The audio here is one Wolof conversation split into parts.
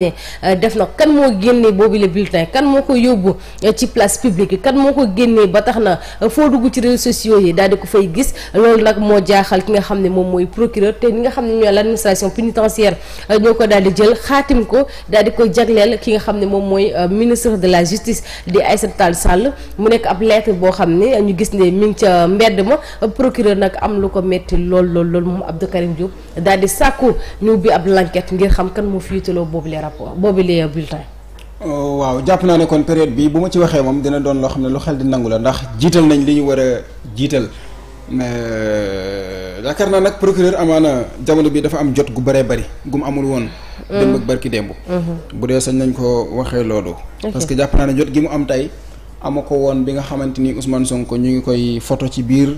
Euh, def na kan moo génnee boobu le bulletin kan moo ko yóbbu euh, ci place publique kan moo ko génnee ba tax na euh, foo dugg ci réseaux sociaux yi daal di ko fay gis loolu nag moo jaaxal ki nga xam ne moom mooy procureur te ñi nga xam ne ñooy l'administration pénitentiaire ñoo ko daal di jël ko daal di ko jagleel ki nga xam ne moom mooy ministre de la justice di Aïssata Tall Sall mu nekk ab lettre boo xam ne ñu gis ne mi ngi ca mbedd ma procureur nag am lu ko metti lool lool lool moom Abdou Karim Diop daal di sàkku ñu ubbi ab l'enquête ngir xam kan moo fiitaloo boobu leeral rapport boobu lee bulletin oh, waaw jàpp naa ne kon période bi bu ma ci waxee moom dina doon loo xam ne lu xel di nangu la ndax jiital nañ li ñu war a jiital euh, yaakaar naa nag procureur amaana jamono bi dafa am jot gu bëree bëri gu mu amul woon. démb ak barki démb. Mm-hmm. bu dee sañ nañ ko waxee loolu. parce que jàpp naa ne jot gi mu am tey ama ko woon bi nga xamante ni Ousmane Sonko ñu ngi koy photo ci biir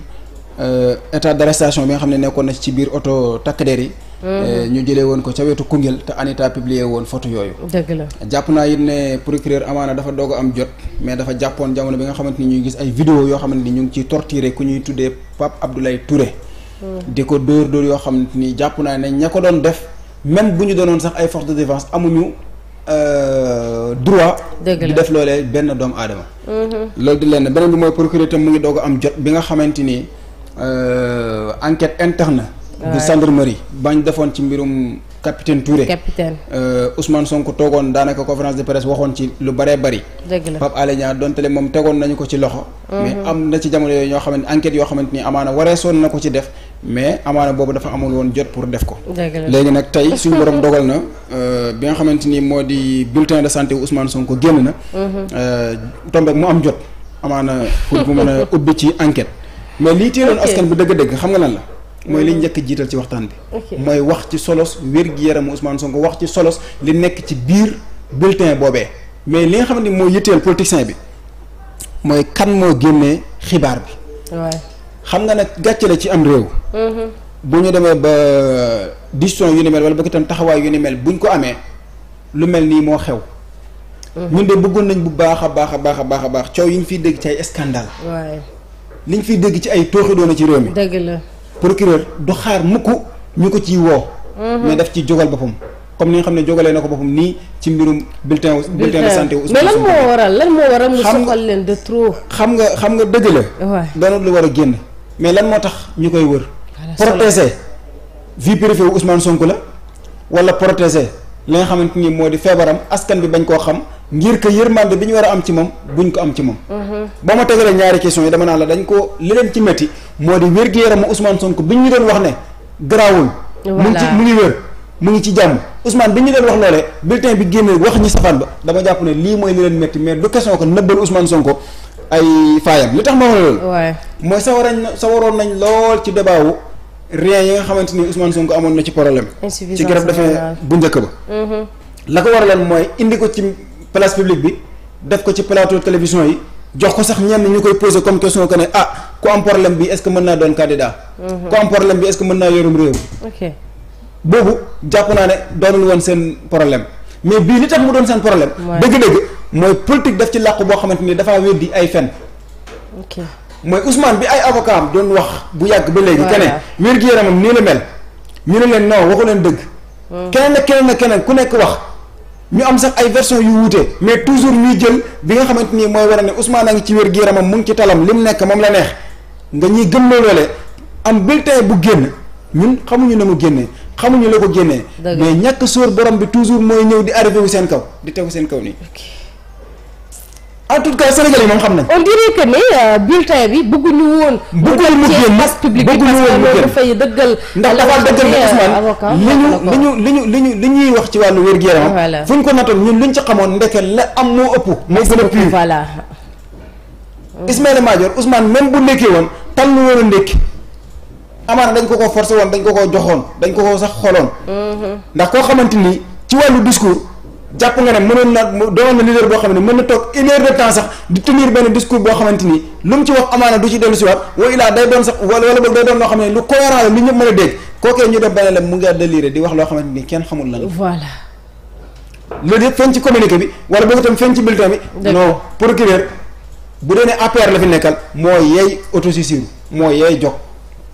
euh, état d'arrestation bi nga xam ne nekkoon na ci biir oto takk der yi. Euh, euh, ñu jëlee woon ko ca wetu Koungheul te Anita publié woon photo yooyu. dëgg la jàpp naa it ne procureur amaana dafa doog am jot mais dafa jàppoon jamono bi nga xamante ni ñu gis ay vidéo yoo xamante ni ñu ngi ciy torturé ku ñuy tuddee Pape Abdoulaye Touré. Hmm. di ko dóor dóor yoo xamante ni jàpp naa ne ña ko doon def même bu ñu doonoon sax ay force de défense amuñu. Euh, droit di def loolee benn doomu aadama hmm. loolu di leen beneen bi mooy procureur tam mu ngi doog am jot bi nga xamante ni enquête interne bu gendarmerie bañ defoon ci mbirum capitaine Touré. capitaine euh, Ousmane Sonko toogoon daanaka conférence de presse waxoon ci lu bëree bari dëgg la Pape Alé Niang moom tegoon nañu ko ci loxo. Mhm. mais am na ci jamono yooyu ñoo xamante ni enquête yoo xamante ni amaana wareesoon na ko ci def. mais amaana boobu dafa amul woon jot pour def ko. léegi nag tey suñu borom dogal na euh, bi nga xamante ni moo di bulletin de santé wu Sonko génn na. Mhm. Euh, tombéeg mu am jot. amaana pour mu mën a ubbi ci enquête. mais lii téeloon askan bi dëgg-dëgg xam nga lan la. mooy li ñu njëkk jiital ci waxtaan bi mooy wax ci solos wér-gi-yaramu Ousmane Sonko wax ci solos li nekk ci biir bulletin boobee mais li nga xam ne moo yitteel politicien bi mooy kan moo génnee xibaar bi xam nga nag gàcce la ci am réew mm-hmm. bu ñu demee ba décision yu ni mel wala ba itam taxawaay yu ni mel buñ ko amee lu mel nii moo xew mm-hmm. ñun de bëggoon nañ bu baax a baax a baax a baax a baax coow yi ñu fiy dégg ci ay scandale ñu fiy dégg ci ay tooxi doona ci réew mi procureur du xaar mukk ñu ko ciy woo. Mhm. mais def ci jógal boppam. comme ni xam ne jógalee na ko boppam nii ci mbirum bulletin bulletin de santé mais lan moo waral lan moo waral mu soxal leen de trop. xam nga xam nga dëgg la. waaw doonul war a génn. mais lan moo tax ñu koy wër. protéger vie privée wu Ousmane Sonko la wala protéger li nga xamante ni moo di feebaram askan bi bañ koo xam ngir que yërmande bi ñu war a am ci moom buñ ko am ci moom. Mhm. boo ma tegalee ñaari question yi dama naa la dañ ko li leen ci métti. moo di wér-gu-yaramu Ousmane Sonko bi ñu doon wax ne garaawul. mu ngi ci mu ngi wér mu ngi ci jàmm Ousmane bi ñu doon wax loolee bulletin bi génne wax ñi safaan ba dama jàpp ne lii mooy li leen métti mais du question ko nëbbal Ousmane Sonko ay faayam li tax ma wax loolu. mooy sa waroon sa nañ lool ci débat wu rien yi nga xamante ni Ousmane Sonko amoon na ci problème. ci garab dafee bu njëkk ba. Mhm. la ko waraloon mooy indi ko ci place publique bi def ko ci plateau télévision yi. jox ko sax ñenn ñu koy poser comme question que ne ah ku am problème bi est-ce que mën naa doon candidat. Mhm. ku am problème bi est-ce que mën naa yorum réew. boobu jàpp naa ne doonul woon seen problème mais bii li tax mu doon seen problème. dëgg-dëgg mooy politique def ci làqu boo xamante ni dafaa weddi ay fen. ok mooy Ousmane bi ay avocat am doon wax bu yàgg ba léegi. keneen wér-gu-yaramam nii la mel. ñu ne leen non waxu leen dëgg. Mhm. keneen ak keneen ak keneen ku nekk wax. ñu am sax ay version yu wuute mais toujours ñuy jël bi nga xamante ni mooy war ne Ousmane a ngi ci wér gu yaramam mu ngi ci talam li mu nekk moom la neex nga ñuy gëm loole am bulletin bu génn ñun xamuñu ne mu génne xamuñu la ko génnee mais ñàkk sóor borom bi toujours mooy ñëw di arrivé wu seen kaw di tegu seen kaw nii en tout cas Sénégal yi moom xam nañ on dirait que ne euh, bulletin bi bëgguñu woon. bëgguñu mu génn bëgguñu woon mu génn dafay dëggal. ndax dafa dëggal ne euh, Ousmane li ñu li ñu li ñu li ñuy wax ci wàllu wér-gu-yaram. fu ñu ko natoon ñun luñ ci xamoon ndeket la am moo ëpp. moo gën a pire voilà. Ismaïla Madior Ousmane même bu nekkee woon tànn woon a ndekki amaana dañ ko ko forcé woon dañ ko ko joxoon dañ ko ko sax xoloon. Mm-hmm. ndax koo xamante ni ci wàllu discours. jàpp nga ne mënoon na doon na leader boo xam ne mën na toog une heure de temps sax di tenir benn discours boo xamante ni lu mu ci wax amaana du ci dellu si waat wa illaa day doon sax wala wala boog day doon loo xam ne lu cohérent la li ñëpp mën a dégg kookee ñu def benn la mu nga déliré di wax loo xamante ni kenn xamul lan voilà loolu yëpp feeñ ci communiqué bi wala boog itam feeñ ci bulletin bi non procureur bu dee ne APR la fi nekkal moo yeey autosaisine moo yeey jog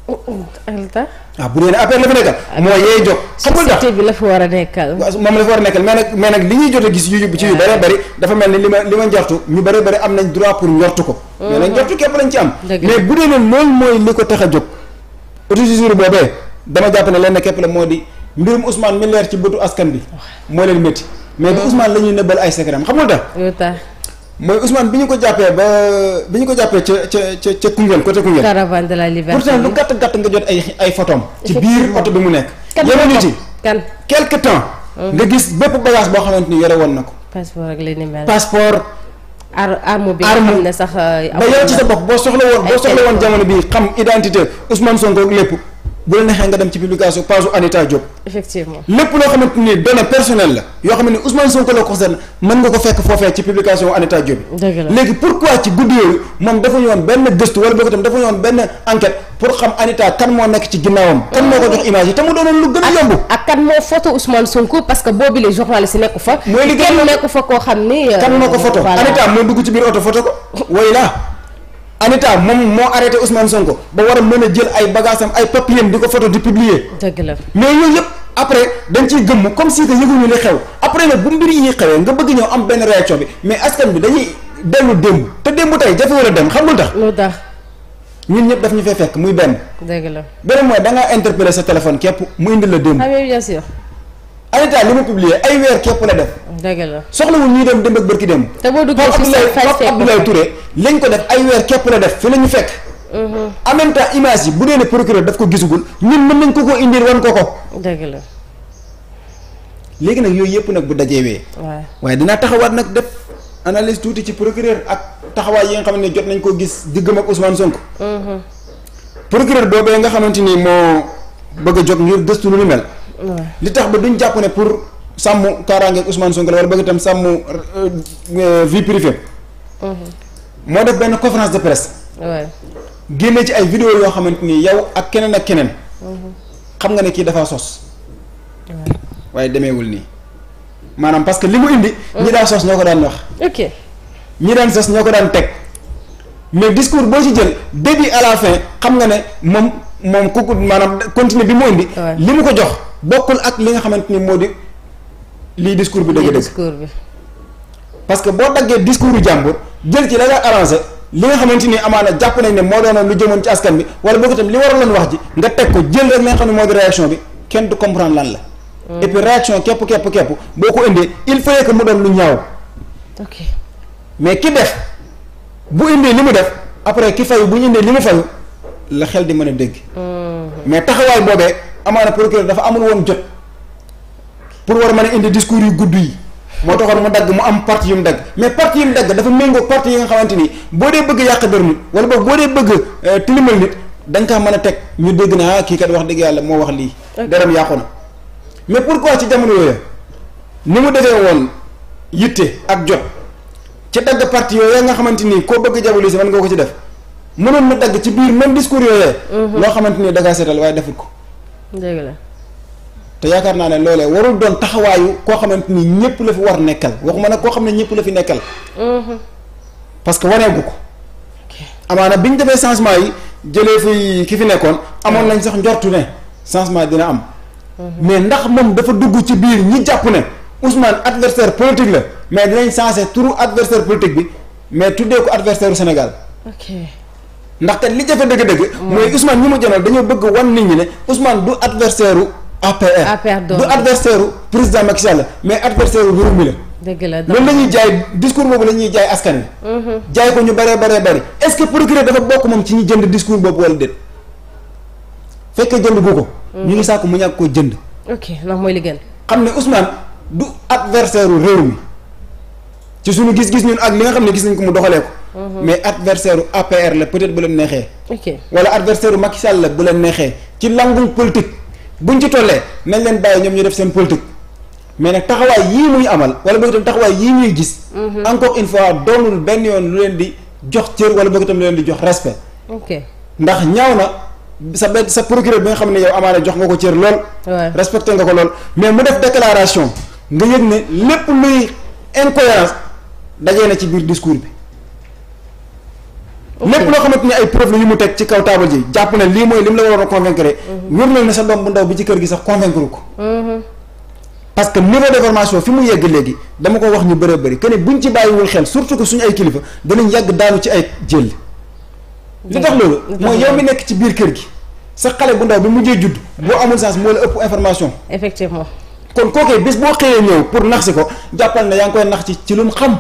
ah bu dee ne affaire la fa nekkal. Ah, mooy yee jóg xamul ndax a nekkal. moom la fa war a nekkal mais nag mais nag li ñuy jot a gis. yu ci yu ah. bëree bëri dafa mel ni li ma li ma njortu ñu bëree bëri am nañ droit pour njortu ko. Mm-hmm. mais nag njortu képp lañ ci am. mais bu dee ne loolu mooy li ko tax a jóg. autosuffisance boobee dama jàpp ne lenn képp la moo di mbirum Ousmane mi ci bëtu askan bi. moo leen métti mais bi mm-hmm. Ousmane la ñuy nëbbal ay secret am xamul ndax. mooy Ousmane bi ñu ko jàppee ba bi ñu ko jàppee ca ca ca ca Koungheul côté Koungheul. caravane de la liberté pourtant lu gàtt gàtt nga jot ay ay photom ci biir oto bi mu nekk. yemuñu ci kan quelque temps. Oh. nga gis bépp bagage boo xamante ni yore woon na ko. passeport ak li ni mel passeport. ar arme bi nga xam ne sax. Euh, ba yow ci sa bopp boo soxla woon boo soxla woon jamono bi xam identité Ousmane Sonko lépp. bu la neexee nga dem ci publication page Anita Diop. effectivement lépp loo xamante ni données personnelles la yoo xam ne Ousmane Sonko la concerne mën nga ko fekk foofee Anita Diop bi. léegi pourquoi ci guddi yooyu moom dafa ñëwoon benn gëstu wala boog itam dafa ñëwoon benn enquête pour xam Anita kan moo nekk ci ginnaawam. kan moo ko jox image te mu doonoon lu gën a yomb. ak kan moo photo Ousmane Sonko parce que boobu les journalistes yi nekku fa. mooy li gën nekku fa ko photo euh, Anita moom moo arrêté Ousmane Sonko ba war a mën a jël ay bagaasam ay papiers di ko photo di publier. dëgg la mais yooyu yëpp après dañ ciy gëmm comme si que yëguñu li xew après nag bu mbir yi xewee nga bëgg ñëw am benn réaction bi mais askan bi dañuy dellu démb te démb tey jafe war a dem xam lu tax. lu tax ñun ñëpp daf ñu fay fekk muy benn. dëgg la beneen mooy da ngaa interpeller sa téléphone képp mu indi la démb. ah ANACIM li mu publié ay weer képp la def. dëgg la soxlawul ñuy dem dem ak bërki dem. te boo duggee ci Pape Abdoulaye lañ ko def ay weer képp la def fi la ñu fekk. Mhm. en même temps image yi bu dee ne procureur daf ko gisugul ñun mën nañ ko ko indir wan ko ko. léegi nag yooyu yëpp nag bu dajeewee. waaw waaye dinaa taxawaat nag def analyse tuuti ci procureur ak taxawaay yi nga xam ne jot nañ koo gis diggam ak Ousmane Sonko. Mhm. procureur boobee nga xamante ni moo bëgg a jóg ngir gëstu lu ni li tax ba duñ jàpp ne pour sàmm kaaraangeeg Ousmane Sonko la wala bëgg itam sàmm euh, euh, vie privée. Mhm. moo def benn conférence de presse. génne ci ay vidéo yoo xamante ni yow ak keneen ak keneen. Mhm. xam nga ne kii dafa sos. waaye demeewul nii maanaam parce que li mu indi. ñi daan sos ñoo ko daan wax. ok ñi daan sos ñoo ko daan teg. mais discours boo ci jël début à la xam nga ne moom moom ku maanaam continuer bi mu indi. li mu ko jox. bokkul ak li nga xamante ni moo di lii discours bi dëgg dëgg parce que boo daggee discours bu jàmbur jël ci la nga arrangé li nga xamante ni amaana jàpp nañ ne moo doonoon lu jëmoon ci askan bi wala boog itam li waraloon wax ji nga teg ko jël rek li nga xam ne bi kenn du comprendre lan la mm. et puis réaction képp képp képp boo ko indee il fallait que mu doon lu ñaaw mais ki def bu indee li mu def après ki fayu bu ñu indee li mu fayu la xel di mën a dégg mm-hmm. mais taxawaay boobee amaana procureur dafa amul woon jot pour war a mën a indi discours yu gudd yi moo taxoon mu dagg mu am parti yum mu dagg mais parti yu dafa méngoo parti yi nga xamante ni boo dee bëgg yàq dër nit wala boog boo dee bëgg euh, tilimal nit da nga kaa mën a teg ñu dégg naa ah, kii kat wax dëgg yàlla moo wax lii deram yàqu na mais pourquoi ci jamono yooyu ni mu defee woon yitte ak jot ci dagg parti yooyu nga xamante ni koo bëgg jaboli si man nga ko ci def mënoon ma dagg ci biir même discours yooyee mm-hmm. loo xamante ni da ngaa seetal waaye defut ko dëgg la. te yaakaar naa ne loolee warul doon taxawaayu koo xamante ni ñëpp la fi war nekkal waxuma nag koo xam ne ñëpp la fi nekkal. Mm-hmm. parce que waneegu ko. amaana bi ñu defee changement yi jëlee fi ki fi nekkoon amoon nañ sax njortu ne changement dina am. Mm-hmm. mais ndax moom dafa dugg ci biir ñi jàpp ne Ousmane adversaire politique la mais dinañ changé turu adversaire politique bi mais tuddee ko adversaire u Sénégal. ndaxte li jafe dëgg-dëgg. mooy Ousmane ñu mu jëloon dañoo bëgg wan nit ñi ne Ousmane du adversaire u APR. APR du adversaire u président Macky Sall mais adversaire u réew mi la. dëgg loolu la ñuy jaay discours boobu la ñuy jaay askan wi. Mhm. jaay ko ñu bëree bëree bëri est-ce que procureur dafa bokk moom ci ñu jënd discours boobu wala déet fekkee jënd gu ko. ñu ngi mhm. sàkk mu ñàkk koo jënd. ok ndax mooy li gën. xam ne Ousmane du adversaire u réew mi ci suñu gis-gis ñun ak li nga xam ne gis nañ ko mu doxalee ko Mhm. mais adversaire u APR la peut-être bu leen neexee. ok wala adversaire u Macky Sall la bu leen neexee ci langul politique buñ ci tollee nañ leen bàyyi ñoom ñu def seen politique mais nag taxawaay yii muy amal wala boog itam taxawaay yii muy gis. Mhm. encore une fois doonul benn yoon lu leen di jox cër wala boog itam lu leen di jox respect. ok ndax ñaaw na. sa benn sa procureur bi nga xam ne yow amaana jox nga ko cër lool. respecté nga ko lool mais mu def déclaration nga yëg ne lépp luy incohérence na ci biir discours bi. lépp loo xamante ni ay preuve la yu mu teg ci kaw taabal ji jàpp na lii mooy lim la waroon a convaincre mhm. wér na ne sa doom bu ndaw bi ci kër gi sax convaincre ko mhm. parce que niveau de fi mu yegg léegi dama ko wax ñu bëree bëri que ne buñ ci bàyyiwul xel surtout que suñu ay kilifa danañ yàgg daanu ci ay jël li tax loolu mooy yow mi nekk ci biir kër gi sa xale bu ndaw bi mujjee judd boo amul chance moo la ëpp information effectivement kon kookee bis boo xëyee ñëw pour nax si ko jàppal na yaa ngi koy nax ci ci lu mu xam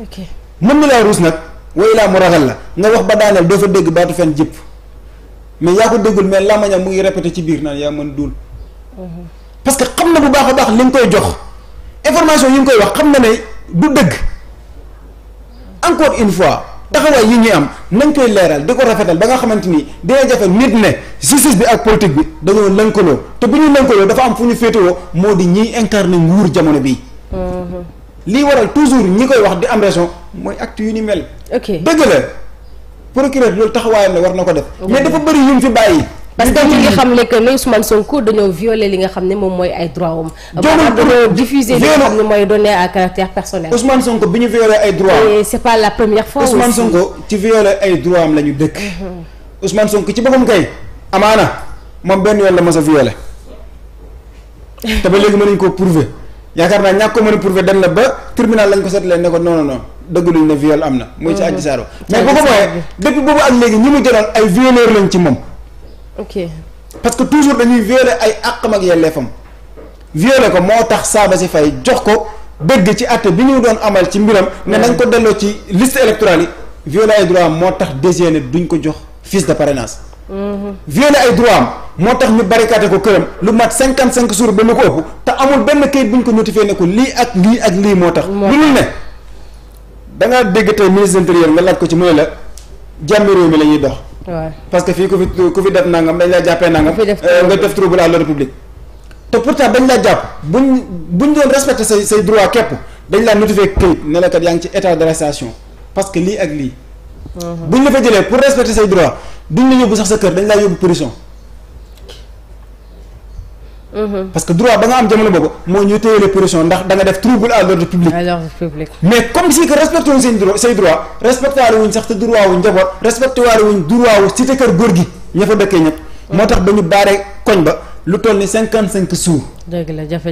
ok mën na laa ruus nag waylaa mu ragal la nga wax ba daaneel doo fa dégg baatu fen jëpp mais yaa ko déggul mais làmmañam mu ngi répété ci biir naan yaa mën duul parce que xam na bu baax a baax li nga koy jox information yi nga koy wax xam na ne du dëgg encore une fois taxawaay yi ñuy am nañ koy leeral di ko rafetal ba nga xamante ni dina jafe nit ne justice bi ak politique bi dañoo lënkaloo te bu ñu lënkaloo dafa am fu ñu féetewoo moo di ñiy incarné nguur jamono bii. Mm-hmm. lii waral toujours ñi koy wax di am raison mooy acte yu ni mel. ok dëgg la procureur loolu taxawaayam la war na ko def. mais dafa bëri yu mu fi bàyyi. parce que ñi nga xam ne que ne Ousmane Sonko dañoo violer li nga xam ne moom mooy ay droit am. maanaam dañoo diffuser li nga xam ne mooy données à caractère personnel. Ousmane Sonko bi ñu violer ay droit am. c'est pas la première fois aussi Ousmane Sonko ci violer ay droit am la ñu dëkk. Mm-hmm. Ousmane Sonko ci boppam kay. amaana moom benn yoon la mos a violer te ba léegi mënuñ naa ñàkk ko mën a prouver na ba tribunal lañ ko ne ko non non non dëgg dëggaluñ ne viol am na. mooy ci mhm. Adji Sarr mais bu ko booyee depuis boobu ak léegi ñi mu jëloon ay violeur lañ ci moom. ok parce que toujours dañuy violer ay àqam ak yelleefam. violer ko moo tax saaba si fay jox ko bëgg ci àtte bi ñu doon amal ci mbiram. ne mhm. nañ ko delloo ci liste électorale yi. violer ay droit am moo tax désigné duñ ko jox fiche de parrainage. Mhm. violer ay droit am moo tax ñu barricadé ko këram lu mat cinquante cinq jours ba lu ko ëpp te amul benn kayit buñ ko notifié ne ko lii ak lii ak lii moo tax. lu ne. da ngaa dégg tey ministre intérieur nga laaj ko ci mu la jàmmi réew mi la ñuy dox. parce que fii ku fi ku fi def nangam dañ laa jàppee nangam. Euh, nga def trouble à l'ordre public. te pourtant dañ laa jàpp buñ buñ doon respecté say say droit képp dañ laa notifié këyit ne la kat yaa ngi ci état d'arrestation parce que lii ak lii. Mhm. buñ la fa jëlee pour respecter say droit duñ la yóbbu sax sa kër dañ laa yóbbu prison. Mm-hmm. parce que droit ba nga am jamono boobu moo ñuy téye pression ndax da nga def trouble à l'ordre public. à l'ordre public. mais comme si que respecté wuñ seen sax te droit wu njaboot respecté wuñ droit wu cité kër góor gi ña fa dëkkee ñëpp. moo tax ba ñu baaree koñ ba lu toll ni cinquante cinq suuf. dëgg la jafe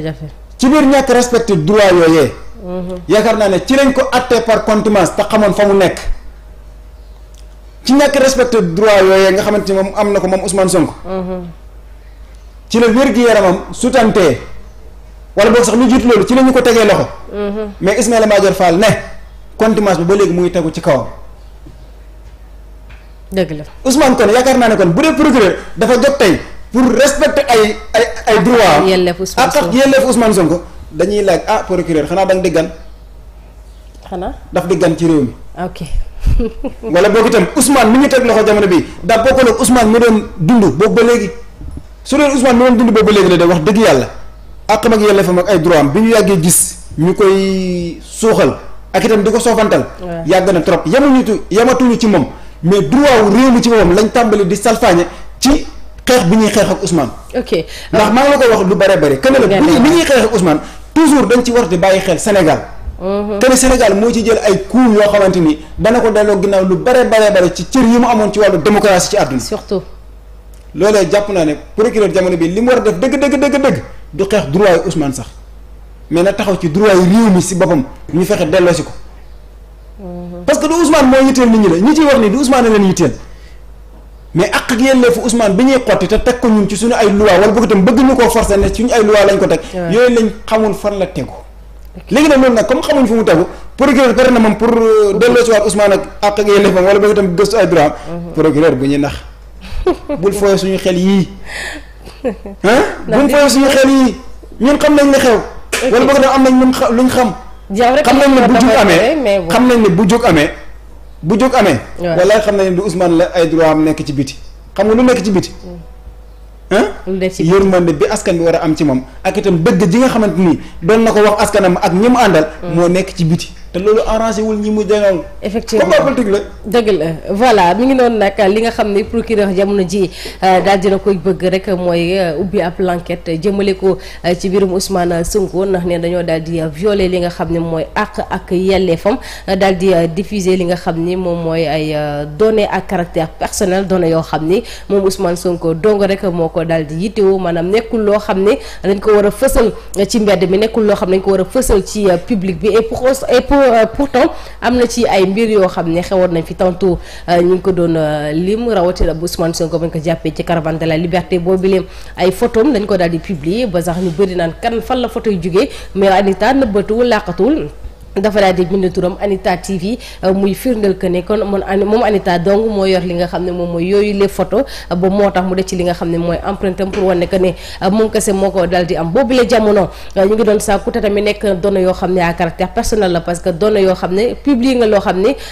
ci biir ñàkk respecté droit yooyee. Mm-hmm. yaakaar naa ne ci lañ ko attee par contumace te xamoon fa mu nekk. ci ñàkk respecté droit yooyee nga xamante ni moom am na ko moom Ousmane Sonko. Mm-hmm. ci la wér-gi-yaramam sutantee wala boog sax lu jiitu loolu ci la ñu ko tegee loxo mm-hmm. mais Ismaïla Madior Fall ne contumace bi ba léegi mu ngi tegu ci kawam dëgg la Ousmane kon yaakaar naa ne kon bu dee procureur dafa jot tey pour respecter ay ay ay droit ak ak yelleef Ousmane Sonko dañuy laaj ah procureur xanaa da nga diggan xanaa daf diggan ci réew mi ok wala boog itam Ousmane mu ñu teg loxo jamono bi daa bokkul ak Ousmane doon dund boobu ba léegi su doon Ousmane doon dund boobu léegi la de wax dëgg yàlla àqam ak yelleefam ak ay droit am bi ñu yàggee gis ñu koy suuxal ak itam di ko soofantal. yàgg na trop yemuñu tu yematuñu ci moom mais droit wu réew mi ci moom lañ tàmbali di salfaañe ci. xeex bi ñuy xeex ak Ousmane. ndax maa ngi la koy wax lu bare bare. kenn la bi ñuy xeex ak Ousmane toujours dañ ci war di bàyyi xel Sénégal. kenn mhm. Sénégal moo ci jël ay coups yoo xamante ni dana ko delloo ginnaaw lu bare bare bare ci mu amoon ci wàllu démocratie ci àdduna. surtout. loolee jàpp naa ne procureur jamono bi li mu war a def dëgg dëgg dëgg dëgg du xeex droit yi Ousmane sax mais na taxaw ci droit yi réew mi si boppam ñu fexe delloosi ko mhm. parce que du Ousmane moo yitteel nit ñu la ñi ciy wax nii du Ousmane leen yitteel mais ak ak yelleefu Ousmane bi ñuy xotti te teg ko ñun ci suñu ay loi wala bëgg itam bëgg ñu koo forcer ne suñu ay loi lañ ko teg yooyu lañ xamul fan la tegu léegi nag loolu nag comme xamuñ fu mu tegu procureur na moom pour euh, delloosiwaat Ousmane ak ak ak yelleefam wala bëgg itam gëstu ay droit mhm. procureur nax bul fooy suñu xel yii ah bul fooy suñu xel yii ñun xam nañ ne xew wala boog daf am nañ luñ xam luñ xam xam nañ ne bu jóg amee xam nañ ne bu jóg amee bu jóg amee wallaay xam nañ ne du Ousmane la ay droit am nekk ci biti xam nga lu nekk ci biti mm. yërmande bi askan bi war a am ci moom ak itam bëgg ji nga xamante nii doon na ko wax askanam ak ñi mu àndal mm. moo nekk ci biti te loolu arrangé wul ñi mu denoon. effectivement combat la. dëgg la voilà mi ngi noonu nag li nga xam ne procureur jamono ji euh, dal dina koy bëgg rek mooy euh, ubbi ab l'enquête jëmale ko euh, ci biirum Ousmane Sonko ndax ne dañoo daal di violer li nga xam ne mooy àq ak yelleefam daal di diffuser li nga xam ni moom mooy ay données ak caractère personnel données yoo xam ni moom Ousmane Sonko dong rek moo ko daal di yittewoo maanaam nekkul loo xam ne dañ ko war a fësal ci mbedd mi nekkul loo xam ne dañ ko war a fësal ci public bi et Euh, pourtant am na ci ay mbir yoo xam ne xewoon nañ fi tantôt euh, ñu ngi ko doon euh, lim rawatina bu Ousmane ko bañ ko jàppee ci caravane de la liberté boobu leen ay photom dañ ko daal di publier ba sax ñu bëri naan kan fan la photo yu jugee mais Anita nëbbatuwul làqatuwul dafa daal di bind turam Anita TV euh, muy firndeel que kon moom Anita donc moo yor li nga xam ne moom mooy yooyu les photos euh, ba moo tax mu def ci li nga xam ne mooy empreinte am pour wane que ne euh, moom kese moo ko daal di am boobu la jamono ñu ngi doon sàkku te tamit nekk données yoo xam ne à caractère personnel la parce que données yoo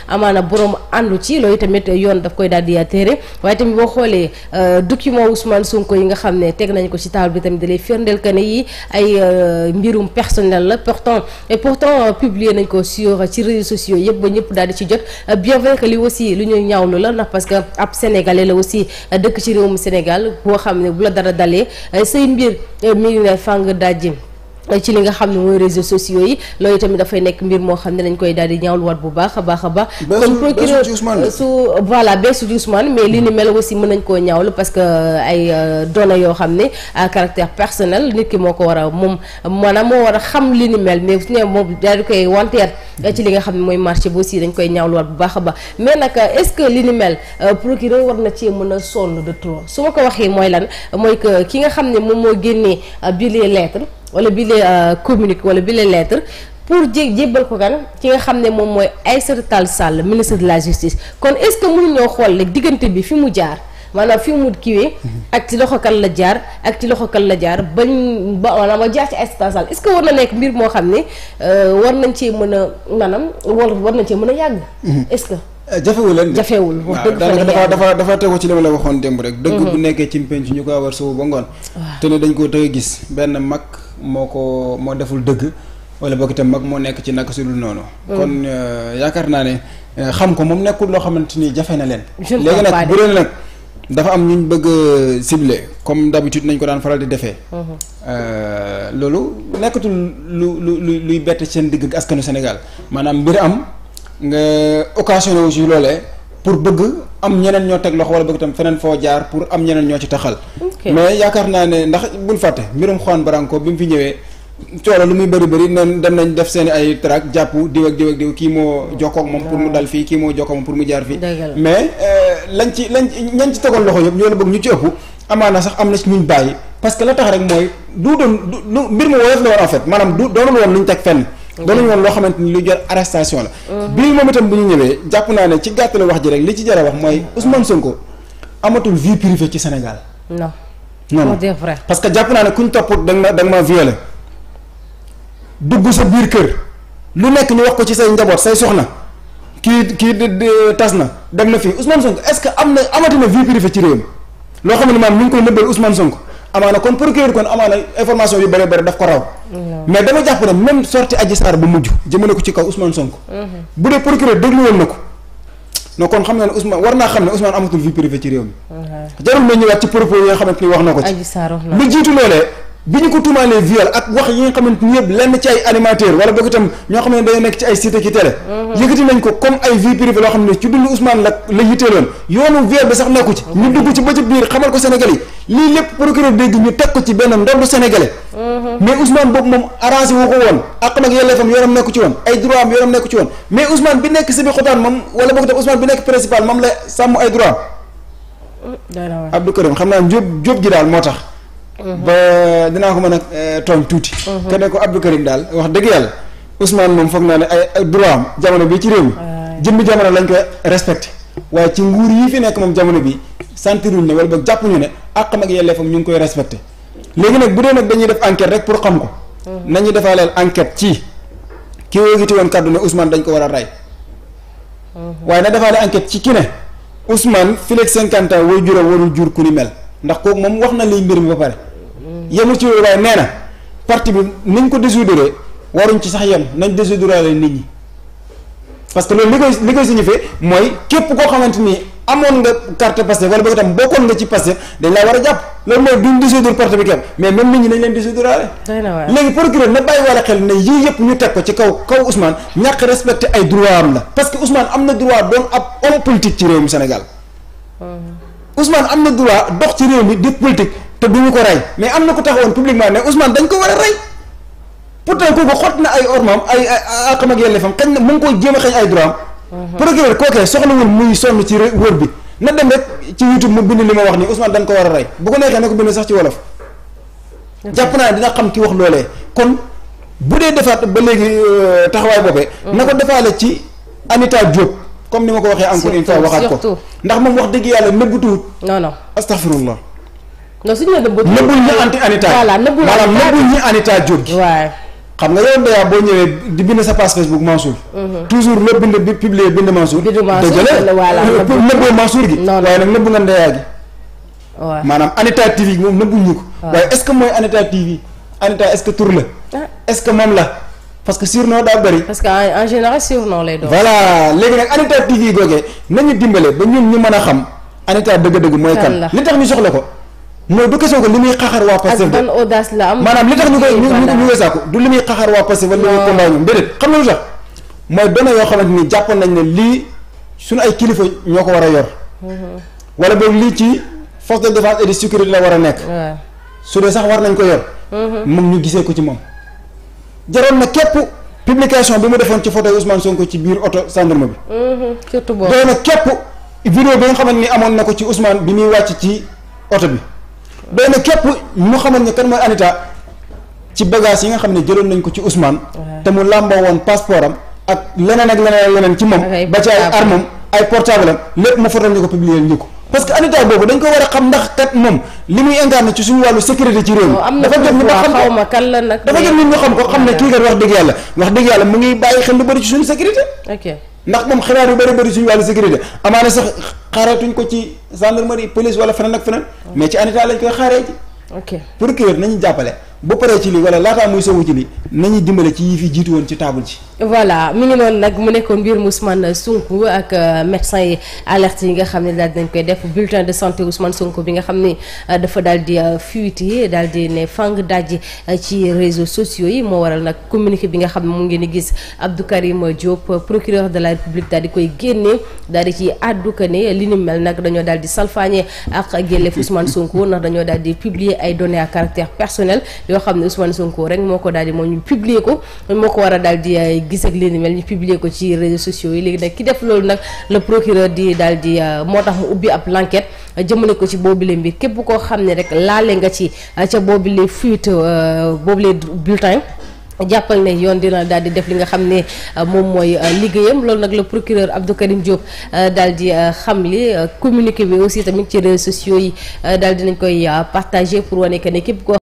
amaana borom àndu ci loolu yoon daf koy daal di téere waaye tamit boo xoolee document Ousmane Sonko yi nga xam ne teg nañ ko ci table bi tamit da lay firndeel que ne yi ay mbirum personnel la pourtant et nañ ko sur ci réseaux sociaux yëpp ba ñëpp daal di ci jot bien vrai li aussi lu ñuy ñaawlu la ndax parce que ab sénégalais la aussi dëkk ci réew réewum Sénégal boo xam ne bu la dara dalee ay say mbir euh, mi ngi ne fàng dajji ci li nga xam ne mooy réseaux sociaux yi loolu tamit dafay nekk mbir moo xam ne dañ koy daal di ñaawlu war bu baax a baax a baax kon procureur su voilà beesu ni mel aussi mën nañ koo ñaawlu parce que euh, ay euh, yoo xam ne à caractère personnel nit ki moo ko war a moom maanaam moo war a xam li ni mel su ne moom daal di koy wanteer euh, ci li nga xam ne mooy marché bi dañ koy ñaawlu bu baax a baax mais nag est-ce que li ni mel war na cee mën a sonn de trop su ma ko waxee mooy lan mooy que ki nga xam ne moom moo génnee bi les lettres wala bi la euh, communique wala bi la lettre pour jé jébbal ko kan ci nga xam ne moom mooy Aïssata Tall Sall ministre de la justice kon est-ce que mënu ñoo xool rek diggante bi fi mu jaar maanaam fi mu kiwee ak ci loxo kan la jaar ak ci loxo kan la jaar bañ ba maanaam ba jaar ci Aïssata Tall est que war na nekk mbir moo xam ne euh, war nañ cee mën a maanaam war war nañ cee mën a yàgg mhm. est-ce que euh, jafewul leen jafewul wax dëgg daanaka dafa dafa dafa tegu ci li ma la waxoon démb rek dëgg mhm. bu nekkee ci mpénc ñu koy war subu ba ngoon te ne dañ koo tëgg gis benn mag moo ko moo deful dëgg wala boog itam mag moo nekk ci naka si dul noonu. Mm. kon euh, yaakaar naa ne euh, xam ko moom nekkul loo xamante ni jafe na leen. léegi nag bu dee nag dafa am ñu bëgg a ciblé comme d'habitude nañ ko daan faral di defee. Mm-hmm. Euh, loolu nekkatul lu lu lu luy bett seen digg askanu Sénégal maanaam mbir am nga occasionné si loolee. pour bëgg am ñeneen ñoo teg loxo wala bëgg tam feneen foo jaar pour am ñeneen ñoo ci taxal. mais yaakaar naa ne ndax bul fàtte mbirum Juan Branco bi mu fi ñëwee. coono lu muy bëri bëri neen dem nañ def seen ay track jàpp diw ak diw ak diw kii moo jokkoo ak moom pour mu dal fii kii moo jokkoo moom pour mu jaar fii mais euh, lañ ci lañ ñañ ci tegoon loxo ñëpp ñoo la bëgg ñu ci ëpp amaana sax am na si ñu bàyyi parce que la tax rek mooy du doon du mbir fait maanaam du doonul woon lu ñu teg fenn doonañu woon loo xamante ni lu jar arrestation la mhm. bii moom itam bu ñu ñëwee jàpp naa ne ci gàttal wax ji rek li ci jar a wax mooy mhm. Ousmane Sonko amatul vie privée ci Sénégal non non vrai parce que jàpp naa ne kuñ topp da nga ma da dugg sa biir kër lu nekk ñu wax ko ci say njaboot say soxna kii kii tas na dem na fii Ousmane Sonko est-ce que am na amati na vie ci réew mi loo xam ne maanaam ñu ngi koy nëbbal Ousmane Sonko amaana kon procureur kon amaana information yu bëri bëri daf ko raw. mais dama jàpp ne même sorti Adji Sarr bu mujj jëmale ko ci kaw Ousmane Sonko. Mhm. bu dee procureur déglu woon na ko. non kon xam na ne Ousmane war naa xam ne Ousmane amatul vie privée ci réew mi. Mhm. jarul ma ñëwaat ci propos yi nga xamante ni wax na ko ci. Adji jiitu loolee. bi ñu ko tuumaalee viol ak wax yi nga xamante ni yëpp ñoo xam ne nekk ci ay cité ki télé mhm. yëkkati nañ ko comme ay vie loo xam ne ci dundu Ousmane la la yitteeloon yoonu viol bi sax nekku ci ñu dugg ci ba ci biir xamal ko Sénégalais yi lii lépp procureur dégg ñu teg ko ci benn ndondu Sénégalais mhm. mais Ousmane boobu moom arrangé wu ko woon ak nag yelleefam yoonam nekku ci woon ay droit am yoonam nekku ci woon mais Ousmane bi nekk Sébi Xotaan moom wala boog itam Ousmane bi nekk principal moom la sàmm ay droit xam naa jóob jóob gi daal moo tax ba dinaa ko mën a eh, tooñ tuuti. que ne ko Abdou Karim daal wax dëgg yàlla Ousmane moom foog naa ne ay droit jamono bi ci réew mi. jëmmi jamono lañ ko respecté. waaye ci nguur yi fi nekk moom jamono bi sentiruñ ne wala ba jàppuñu ne àqam ak yelleefam ñu ngi koy respecté léegi nag bu dee nag dañuy def enquête rek pour xam ko. Mhm. nañu defaaleel enquête ci ki wéegiti woon dañ ko war a rey. Mhm. waaye na defaale enquête ci ki ne Ousmane fi cinquante ans way juróom warul jur ku ni mel ndax kooku moom wax na liy mbir mi ba pare. yemul ci waaye nee na parti bi niñ ko dissoudre waruñ ci sax yem nañ dissoudre la nit ñi parce que loolu li koy li koy signifié mooy képp koo xamante ni amoon nga carte Pastef wala bëgg tam bokkoon nga ci Pastef dañ laa war a jàpp loolu mooy duñ dissoudre parti bi kenn mais même nit ñi nañ leen dissoudre léegi procureur na bàyyi wala xel ne yii yëpp ñu teg ko ci kaw kaw Ousmane ñàkk respecté ay droit la parce que Ousmane am na droit doon ab homme politique ci réew mi senegal oh. Ousmane am na droit dox ci réew mi di politique te duñu ko rey mais am na ku taxawoon publiquement ne Ousmane dañ ko war a rey pourtant kooku xot na ay ormam ay àqam ak yelleefam xañ na mu ngi koy jéem a xañ ay droit am mhm. procureur kookee soxlawul muy sonn ci wër bi na dem rek ci YouTube mu bind li wax nii Ousmane dañ ko war a rey ko neexee na ko bind sax ci jàpp naa dina xam ki wax loolee kon bu dee defaat ba léegi euh, taxawaay boobee mhm. na ko defaale ci Anita Diop comme ni ma ko waxee encore une fois ko ndax moom wax dëgg yàlla nëbbutuwut non non non suñu la nëbbu ñi en état maanaam nëbbu ñi en état gi xam nga yow Ndeya boo ñëwee di bind sa page Facebook Mansour. Mhm. toujours loo bind bi publier bind Mansour. bind Mansour dëgg la voilà nëbboo Mansour gi. waaye nag nëbbu nga Ndeya gi. maanaam Anita TV moom nëbbuñu ko. waaye est que mooy Anita TV Anita est-ce que tur la. Ah. est-ce que parce que daa bëri. parce en général surnom lay doon. voilà léegi nag Anita TV googee nañu dimbale ba ñun ñu mën a xam Anita dëgg-dëgg. mooy kan li tax ñu soxla ko. non du question que li muy xaxar waa Pastef ban audace maanaam li tax ñu koy ñu ñu koy sàkku du li muy xaxar waa Pastef wala li muy combat ñoom xam nga lu tax mooy dona yoo xamante ni jàppoon nañ ne lii suñu ay kilifa ñoo ko war a yor mm-hmm. wala boog lii ci force de défense et de sécurité la war a nekk su dee sax war nañ ko yor moom mm-hmm. ñu gisee ko ci moom jaroon na képp publication bi mu defoon ci photo Ousmane ko ci biir oto gendarme bi mm-hmm. surtout boobu doon na képp vidéo bi nga xamante ni amoon na ko ci Ousmane bi muy wàcc ci oto bi doy na képp mu xamal ne kan mooy Anita ci bagage yi nga xam ne jëloon nañ ko ci Ousmane. te mu làmboo woon passeport am ak leneen ak leneen ak leneen ci moom. ba ci ay armam ay portable am lépp mu fotal ñu ko publier ñu ko. parce que Anita boobu dañ ko war a xam ndax kat moom li muy incarné ci suñu wàllu sécurité ci réew mi oh, dafa jot nit ñu xam ko dafa jot nit ñu xam ko xam ne kii kat wax dëgg yàlla wax dëgg yàlla mu ngi bàyyi xel lu bëri ci suñu ndax moom xibaar yu bëri bëri suñu wàllu sécurité amaana sax xaareetuñ ko ci gendarmerie police wala feneen ak feneen mm. mais ci ANITA lañ koy xaaree ji. ok procureur nañu jàppale bu paree ci lii wala laataa muy sowu ci lii nañu dimbale ci yi fi jiitu woon ci table ci voilà mi ngi noonu nag mu nekkoon mbir mu Ousmane Sonko ak euh, médecin yi alerte yi nga xam ne daal dinañ koy def bulletin de santé Ousmane Sonko bi nga xam ne euh, dafa daal di euh, fuité dal di ne fang dajji ci réseau sociaux yi moo waral nag communiqué bi nga xam ne mu ngeen di gis Abdou Karim Diop procureur de la République daal di koy génne dal di ci àddu ko ne li ni mel nag dañoo daal di salfaañe ak yelleef Ousmane Sonko ndax dañoo daal di publier ay données à caractère yoo xam ne Ousmane Sonko rek moo ko daal di moom ñu publier ko moo ko war a daal di euh, gis ak leen ni mel ñu publier ko ci réseaux sociaux yi léegi nag ki def loolu nag le procureur di daal euh, moo tax mu ubbi ab l'enquête euh, jëmale ko ci boobule mbir képp koo xam ne rek laale nga ci ca boobule fuite boobule bulletin. jàppal ne yoon dina daal di def li nga xam ne moom mooy liggéeyam loolu nag le procureur Abdou Karim Diop daal di xam li communiqué bi aussi tamit ci réseaux sociaux daal dinañ koy partagé pour wane que ne képp ko